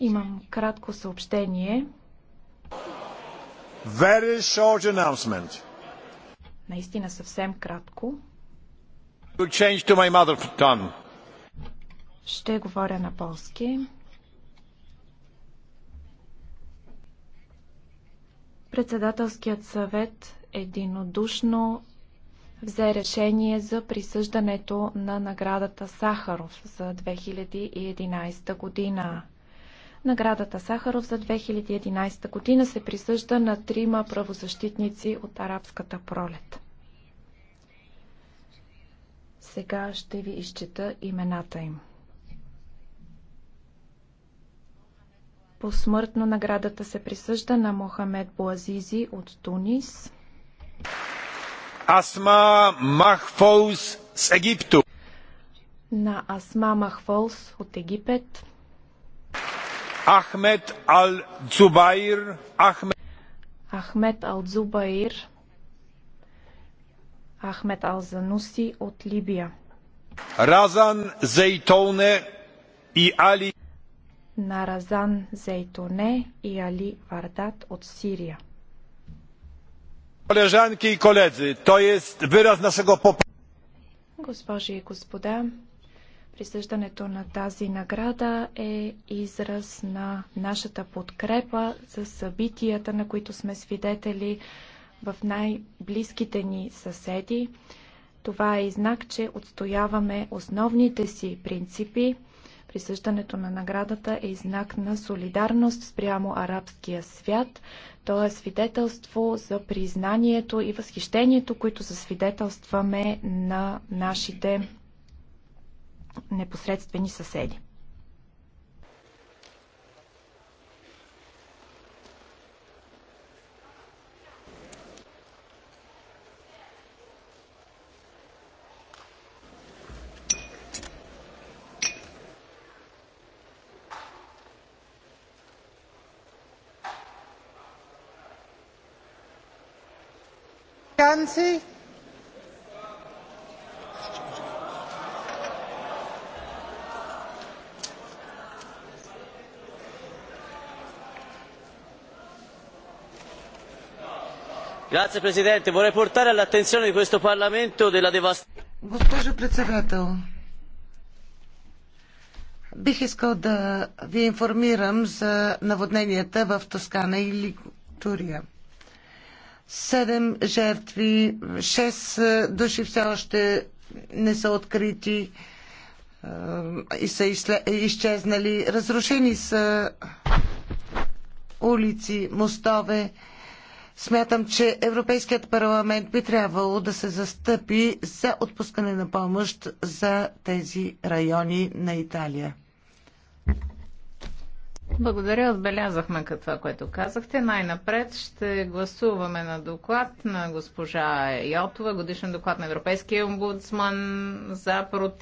Имам кратко съобщение. Very short announcement. Наистина съвсем кратко. Change to my mother tongue. Ще говоря на полски. Председателският съвет единодушно взе решение за присъждането на наградата Сахаров за 2011 година. Наградата Сахаров за 2011 година се присъжда на трима правозащитници от арабската пролет. Сега ще ви изчета имената им. Посмъртно наградата се присъжда на Мохамед Буазизи от Тунис. Асма Махфолс с Египто. На Асма Махфолс от Египет. Ахмед Ал-Дзубайр. Ахмед... Ал-Дзубайр. Ахмед Ал-Зануси от Либия. Разан Зейтоне и Али. Наразан Зейтоне и Али Вардат от Сирия. Колежанки и колеги, то jest выраз нашего поп... Госпожи и господа, Присъждането на тази награда е израз на нашата подкрепа за събитията, на които сме свидетели в най-близките ни съседи. Това е и знак, че отстояваме основните си принципи. Присъждането на наградата е и знак на солидарност спрямо арабския свят. То е свидетелство за признанието и възхищението, които засвидетелстваме на нашите непосредствени съседи. Ganzi Grazie Presidente, vorrei portare all'attenzione di questo Parlamento della devastazione. Госпожо председател, бих искал да ви информирам за наводненията в Тоскана и Литурия. Седем жертви, шест души все още не са открити и са изчезнали. Разрушени са улици, мостове. Смятам, че Европейският парламент би трябвало да се застъпи за отпускане на помощ за тези райони на Италия. Благодаря, отбелязахме това, което казахте. Най-напред ще гласуваме на доклад на госпожа Йотова, годишен доклад на Европейския омбудсман за против.